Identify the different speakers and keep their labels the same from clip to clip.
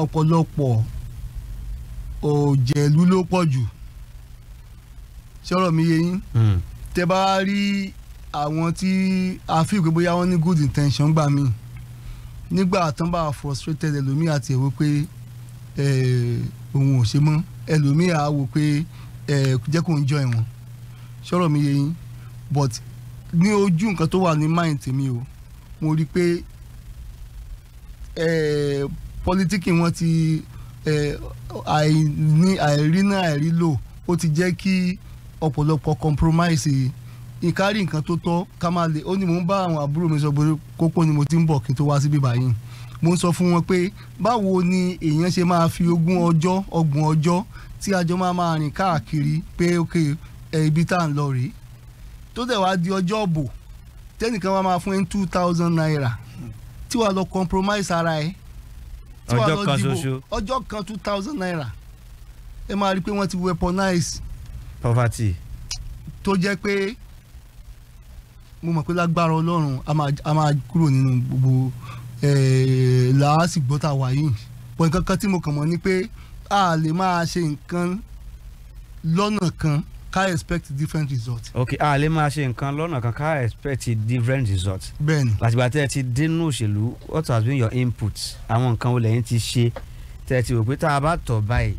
Speaker 1: ọ̀pọ̀lọpọ̀ òjèlú ló pọ̀ jù sọ̀rọ̀ mi yé yín hmm. tẹ́ bá rí àwọn tí a fi ìwé bóyá wọ́n ní good intention gbà mí nígbà tán bá frustrated ẹlòmíì àti ẹ̀wọ́ pé òun ò ṣe mọ́ ẹlòmíì á wò pé jẹ́ kó ń jọ ẹ̀wọ̀n sọ̀rọ̀ mi yé yín but ní ojú nǹkan tó wà ní mind tèmi o mo rí i pé pọ́lítíkì wọn ti àìní àìrínà àìrílò ó ti jẹ́ kí ọ̀pọ̀lọpọ̀ compromise ìkárí nǹkan tó tọ́ ká máa lè ó ní mò ń bá àwọn àbúrò mi sọ pé kókó ni mo ti ń bọ̀ kí n tó wá síbí báyìí mo ń sọ fún wọn pé báwo ni èèyàn ṣe máa fi ogún ọjọ́ ọgbọ̀n ọjọ́ tí àjọ máa máa rìn káàkiri pé ok ibi tá à ń lọ rèé tó dẹ̀ wá di ọjọ́ ọ̀bọ̀ tẹ́nìkan wá máa fún ẹ two thousand naira tí wàá lọ compromise ara ẹ̀ tí wàá lọ dìbò ọjọ́ kan two thousand naira ẹ máa rí i pé wọ́n ti weaponize. poverty. tó jẹ́ pé mo mọ̀ pé lágbára ọlọ́run a máa kúrò nínú gbogbo làásìgbọ́ tá a wà yìí pọ̀ nǹkan kan tí mo kàn mọ̀ ni pé a lè máa ṣe nǹkan lọ́nà kan ká expect different result.
Speaker 2: ok a lè máa ṣe nǹkan lọ́nà kan ká expect different result. bẹ́ẹ̀ni. látìgbà tẹ́ ẹ ti dínú òṣèlú what has been your input àwọn nǹkan wo lẹ́yìn ti ṣe tẹ́ ẹ ti rò pé tá a bá tọ̀ báyìí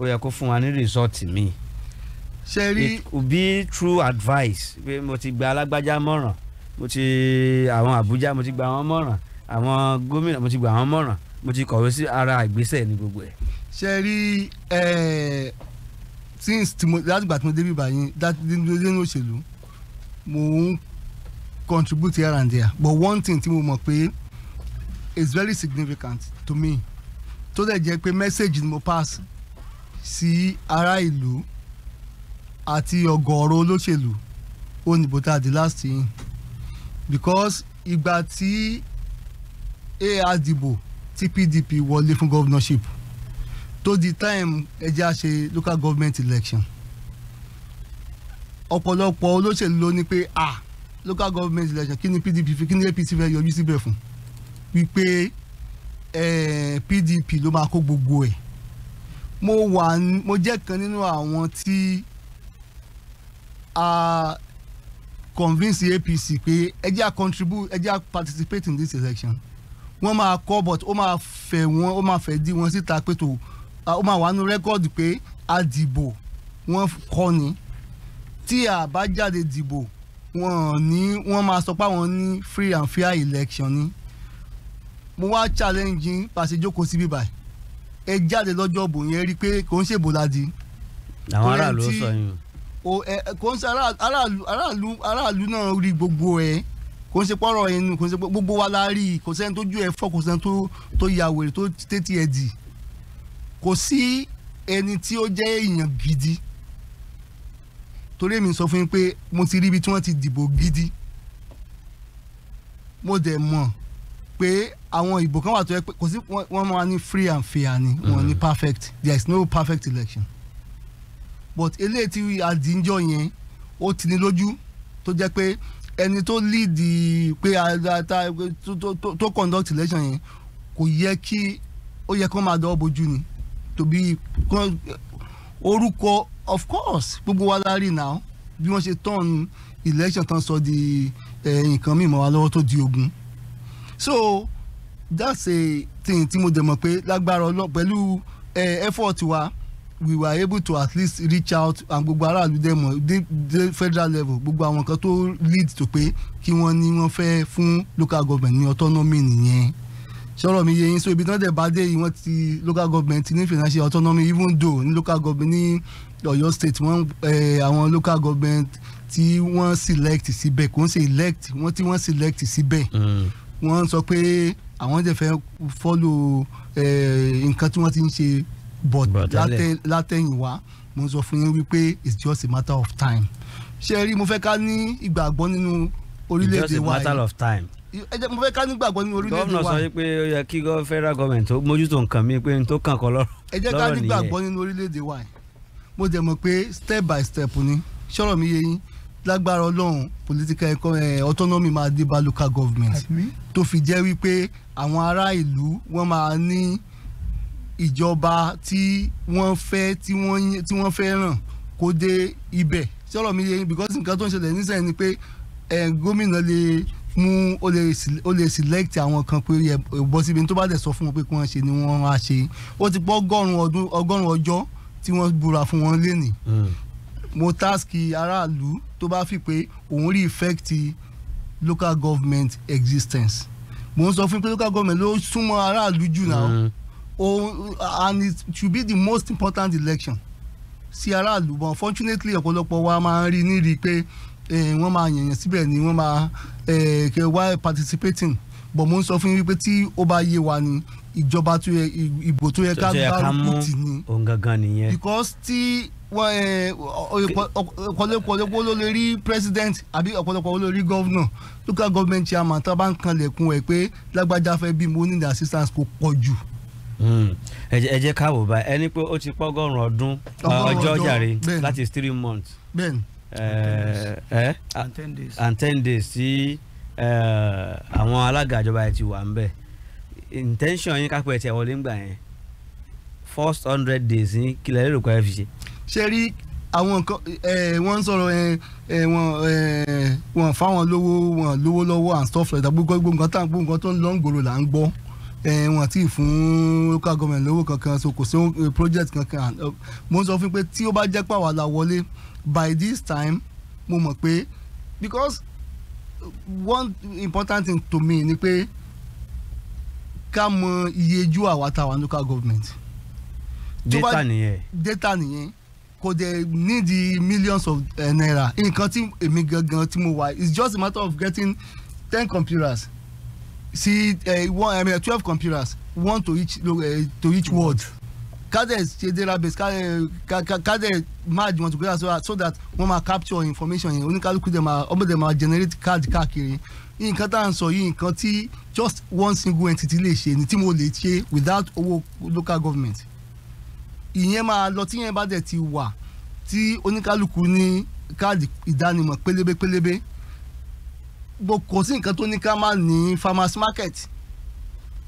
Speaker 2: ó yẹ kó fún wa ní result mi. ṣe rí it would be true advice pé mo ti gba alágbájá mọ̀ràn mo ti àwọn Àbújá mo ti gba àwọn mọ̀ràn àwọn gómìnà mo ti gba àwọn mọ̀ràn mo ti kọ̀wé sí ara ìgbésẹ̀ ní gbogbo ẹ̀.
Speaker 1: ṣe rí eh, since tí mo láti gbà tí mo débi báyìí nínú òṣèlú mo ń contribute here and there but one thing tí mo mọ̀ pé is very significant to me tó dẹ̀ jẹ́ pé message ni mo pass sí ará ìlú àti ọ̀gọ̀ọ̀rọ̀ olóṣèlú òyìnbó tá a di last year because ìgbà tí a dìbò tí PDP wọlé fún governorship tó the time ẹ jẹ́ à ṣe local government election ọ̀pọ̀lọpọ̀ olóṣèlú ló ní pé ah local government election kí ni PDP fi kí ni APC fẹ́ yọjú síbẹ̀ fún wípé PDP ló máa kó gbogbo ẹ̀ mo wà mo jẹ́ kan nínú àwọn tí a convince APC pé ẹ jẹ́ à contribute ẹ jẹ́ à participate in this election wọ́n máa kọ́ but ó máa fẹ̀ wọ́n ó máa fẹ̀ dí wọn síta pé tó ó máa wà nínú rẹ́kọ́ọ̀dù pé a dìbò wọ́n kọ́ ni tí a bá jáde dìbò wọ́n ní wọ́n máa sọ pé àwọn ní free and fair election ni mo wá challenge pàṣẹ jókòó síbí báyìí ẹ jáde lọ́jọ́ bò yẹn rí i pé kò ń ṣèbò ládìí. àwọn aráàlú sọ yín o kò ń ṣe aráàlú aráàlú aráàlú náà rí gbogbo ẹ̀ kò ń ṣe pọ́rọ̀ ẹnu kò ń ṣe gbogbo wa la rí kò sẹ́ni tó ju ẹ̀ fọ́ kò sẹ́ni tó ya wèrè tó tètè ẹ̀ dì kò sí ẹni tí ó jẹ́ èèyàn gidi torí èmi sọ fún yín pé mo ti ríbi tí wọ́n ti dìbò gidi mo dẹ̀ mọ̀ pé àwọn ìbò kan wà tó yẹ pé kò sí wọ́n máa ní free and fair ni wọ́n ní mm. perfect there is no perfect election but eléyìí tí àdínjọ yẹn ó ti ní lójú tó jẹ́ pé ẹni tó líìdì pé tó conduct election yẹn kò yẹ kí ó yẹ kó máa dọ́ bójú ni to be orúkọ of course gbogbo wa la rí now bí wọ́n ṣe turn election tán sọ di nǹkan mímọ́ wa lọ́wọ́ tó di ogun so that's a thing tí mo dẹ̀ mọ̀ pé lágbára ọlọ́ pẹ̀lú effort wa we were able to at least reach out and gbogbo aráàlú dẹ̀ mọ̀ dé federal level gbogbo àwọn kan tó lead to pé kí wọ́n ní wọ́n fẹ́ fún local government ní autonomy nìyẹn ṣọ́rọ̀ mi yé yín so ibi tí wọ́n dẹ̀ bá dé yìí wọ́n ti local government ní financial autonomy even though ní local government ní Ọ̀yọ́ state wọ́n àwọn local government tí wọ́n select síbẹ̀ kò ń ṣe elect wọ́n tí wọ́n select síbẹ̀ hmm. wọ́n sọ pé àwọn dẹ̀ fẹ́ follow nǹkan tí wọ́n ti ń ṣe but látẹ̀yìnwá mo sọ fún yín wípé it's just a matter of time ṣe rí mo fẹ́ ká ní ìgbàgbọ́ nínú orílẹ̀-èdè wa yìí just a matter of time mo fẹ́ ká nígbàgbọ́ nínú orílẹ̀-èdè wa. gọ́vnà sọ
Speaker 2: pé ó yẹ kí federal government tó mójútó nǹkan mi pé n tó kàn kọ́ lọ́rọ̀ nìyẹn. ẹ jẹ́ ká nígbàgbọ́
Speaker 1: nínú orílẹ̀-èdè wa mo dẹ̀ mọ̀ pé step by step ni ṣọ́rọ̀ mi yé yín lágbára ọlọ́run political autonomy máa dé bá local government tó fi jẹ́ wípé àwọn ará ìlú wọ́n máa ní ìjọba tí wọ́n fẹ́ tí wọ́n fẹ́ ràn kó dé ibẹ̀ ṣọ́rọ̀ mi yé yín because nǹkan tó ń ṣẹlẹ̀ nísìnyí ni pé gómìnà lè mú ó lè select àwọn kan pé bọ́ síbi tó bá dẹ̀ sọ fún wọn pé kí wọ́n ṣe ni wọ́n á ṣe ó ti pọ̀ ọgọ́rùn-ún ọjọ́ tí wọ́n búra fún wọn lénìí hmm. mo táàsì aráàlú tó bá fi pé òun rí effect local government existence mo ń sọ fún pé local government ló súnmọ́ aráàlú jù náà hmm. and it should be the most important election sí aráàlú but unfortunately ọ̀pọ̀lọpọ̀ wa máa ń rí níri pé Eh, wọ́n máa yẹ̀yàn síbẹ̀ ni wọ́n máa eh, kẹ wá participating bọ̀ mo ń sọ fún yín wípé tí ó bá yé wa ni ìjọba tó yẹ ìbò tó yẹ ká gbárùkù tì ní because tí eh, ọ̀pọ̀lọpọ̀ ló lè rí president àbí ọ̀pọ̀lọpọ̀ ló rí governor local government chairman tó bá ń kanlẹ̀kùn ẹ̀ pé lágbájá fẹ́ bí mo need assistance kò pọ̀ jù
Speaker 2: hmm. ẹ jẹ́ ká wò báyìí ẹni pé ó ti pọ́gọ́rùn-ún ọdún ọjọ́ jàre láti three months. bẹ́ẹ̀ni ẹ and ten days tí eh, àwọn alága ìjọba yẹn ti wà ń bẹ̀ intention yín kápẹ́ ẹ̀ tí ẹ yẹn first hundred days yín kílẹ̀ lérò kọ́ ẹ fi ṣe.
Speaker 1: ṣe rí àwọn nǹkan eh, wọ́n ń sọ̀rọ̀ eh, wọn fáwọn lówó wọn lówó lọ́wọ́ and stuff like that gbogbo nǹkan tá à ń gbọ́ nǹkan tó ń lọ ń gbòòrò là ń gbọ́ wọn àti fún local government lówó kankan so kò sí project kankan mo ń sọ pé tí ó bá jẹ́ pàwọ́ la wọlé by this time mo mọ̀ pé because one important thing to me ni pé ká mọ iyeju àwa tá a local government. data nìyẹn. data nìyẹn kò dẹ̀ need the millions of eh, naira nǹkan tí èmi gangan tí mo wà it's just a matter of getting ten computers See, uh, one I mean, twelve computers one to each uh, to each ward ká dẹ̀ ṣe database ká eh, kade merge wọn together so that, so that wọ́n máa capture information yẹn oníkálukú dẹ̀ máa ọmọ dẹ̀ máa generate card káàkiri nǹkan tá à ń sọ yìí nǹkan tí just one single entity lè ṣe ni tí mo lè ṣe without owó local government ìyẹn máa lọ tí yẹn bá dẹ̀ ti wà tí oníkálukú ní káàdì ìdánimọ̀ pélébé pélébé kò sí nǹkan tó ní ká má ní farmers market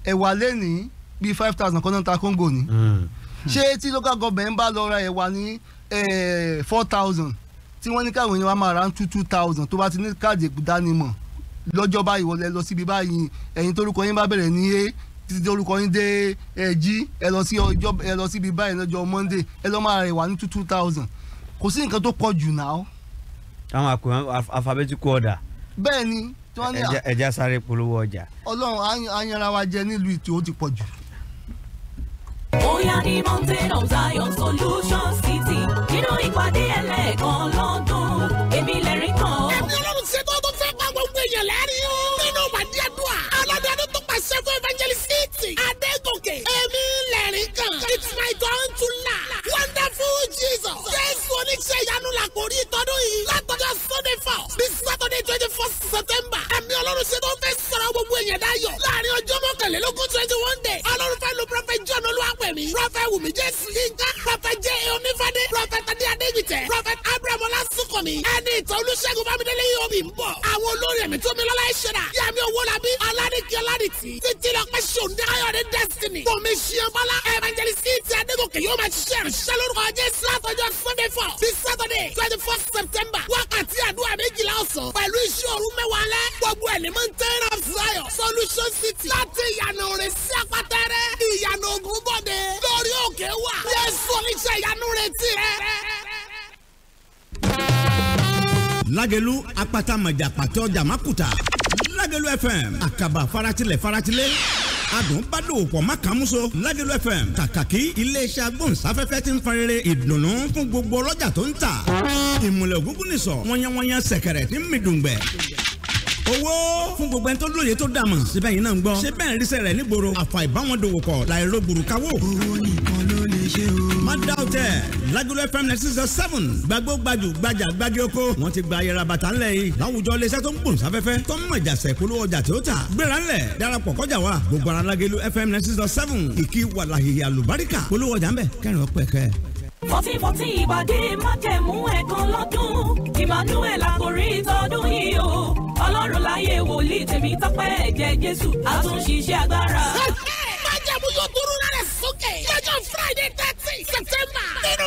Speaker 1: ẹ̀wà lẹ́nìí bíi five thousand kọ́ńtà kóńgò ni hmm. ṣé tí local government bá lọ ra ẹ̀wà ní Eh, four thousand tí wọ́n ní káwọn èèyàn wa máa ra two two thousand tó bá ti ní káàdì ìdánimọ̀ lọ́jọ́ báyìí wọlé lọ síbi báyìí ẹ̀yin tórúkọ yín bá bẹ̀rẹ̀ ní a títí orúkọ yín dé ẹjí ẹ lọ sí ọjọ́ ẹ lọ síbi báyìí lọ́jọ́ Monday ẹ lọ máa rẹ wà ní two two thousand kò sí nǹkan tó pọ̀ jù náà.
Speaker 2: táwọn àpò alphabetical order.
Speaker 1: bẹ́ẹ̀ ni tí wọ́n ní.
Speaker 2: ẹja sáré polówó ọjà.
Speaker 1: Ọlọ́run ayanra wa jẹ nílùú ìtì ó ti pọ̀ jù ní mountain
Speaker 3: of zion solution city nínú ìpàdé ẹlẹ́ẹ̀kan lọ́dún èmi lẹ́rìí kan. ẹ̀mí ọlọ́run ṣe tó tó fẹ́ pa gbogbo èèyàn lẹ́rìí o. nínú ìpàdé àdúrà alọ́dún adó tó pàṣẹ fún evangelicity adégòkè èmi lẹ́rìí kan it's my turn to laugh wonderful jesus jésù oníṣẹ́ ìyanu làkòrí ìtọ́dún yìí látọjọ́ sunday four bí saturday twenty four september ẹ̀mí ọlọ́run ṣe tó fẹ́ sọ̀rọ̀ gbogbo èèyàn dáyọ̀ láàrin ọjọ́ mọ́kànlélógún twenty one day ọlọ́run fẹ́ lu prophet john olúwa mi. prophet wumi jésù yínká prophet jẹ́ onífádé prophet tadé adégbìtẹ́ prophet abraham ọlásùnkànmí ẹni ìtàn olùṣègùn bámidélé yóò bí ń bọ̀. àwọn olórí ẹ̀mí tó mi lọ́lá ìṣẹ̀dá yàmi owó labí ọládìkí ọládìtì títí lọ pẹ́ ṣòǹdé ayọ̀dé destiny tòmí ṣiyanbala evangelist e ti adégòkè yóò máa ṣiṣẹ́ ìrìnsẹ́ lórúkọ jésù látọjọ́ sunday four sí saturday twenty four september wákàtí àdúrà méjìlá ọ̀sán pẹ̀lú iṣẹ́ òru mẹ́wàá lẹ́ gbogbo ẹ̀ ní mọ̀ ń tẹ́rọ Olúbáyọ̀ solution city láti ìyànà orin sí apátẹ́rẹ́ ìyànà ogun bọ́dẹ lórí òkè wà Jésù oníṣẹ́ ìyanu retí rẹ.
Speaker 2: Lágẹ̀lú apata màjà pàtó jàmákùtà Lágẹ̀lú FM àkàbà faratilẹ̀ faratilẹ̀ adùn bá dòwò pọ̀ má kàn múso ládìlú fm kàkàkí iléeṣẹ́ agbóhùnsáfẹ́fẹ́ ti ń farere ìdùnnú fún gbogbo ọlọ́jà tó ń tà ìmùlẹ̀ ògúngún nìsọ̀ wọ́nyẹ́wọ́nyẹ́ sẹ̀kẹ̀rẹ̀ tí ń mi dùn gbẹ̀ owó fún gbogbo ẹni tó lóye tó dàmọ̀ síbẹ̀ yìí náà ń gbọ́ ṣé bẹ́ẹ̀ ríṣẹ́ rẹ̀ nígboro àfà ìbáwọn dòwò pọ̀ láìro burúkawó. owó nìkan ló lè ṣe o. má dá o fm nine six seven gbàgbó gbajù gbajà gbági oko wọn ti gba ayẹra bàtà ńlẹ̀ yìí láwùjọ iléeṣẹ́ tó ń gbòòrùn sáfẹ́fẹ́ tó ń mọ̀jà sẹ̀kúlú ọjà tí ó tà gbéra ńlẹ̀ darapọ̀ kọjá wa gbogbo ara lágẹ̀lú fm nine six seven ìkí wàlàhì àlùbáríkà polówó ọjà ń bẹ̀ kẹrin ọpẹ kẹ.
Speaker 3: fọtífọtí ìbàdí májẹ̀mú ẹ̀kan lọ́dún Emmanuel tèmi tọ́pẹ́ ẹ̀jẹ̀ Jésù a tún ṣiṣẹ́ agbára. májàmú yóò burú rẹ̀ sókè lọ́jọ́ Friday thirty September.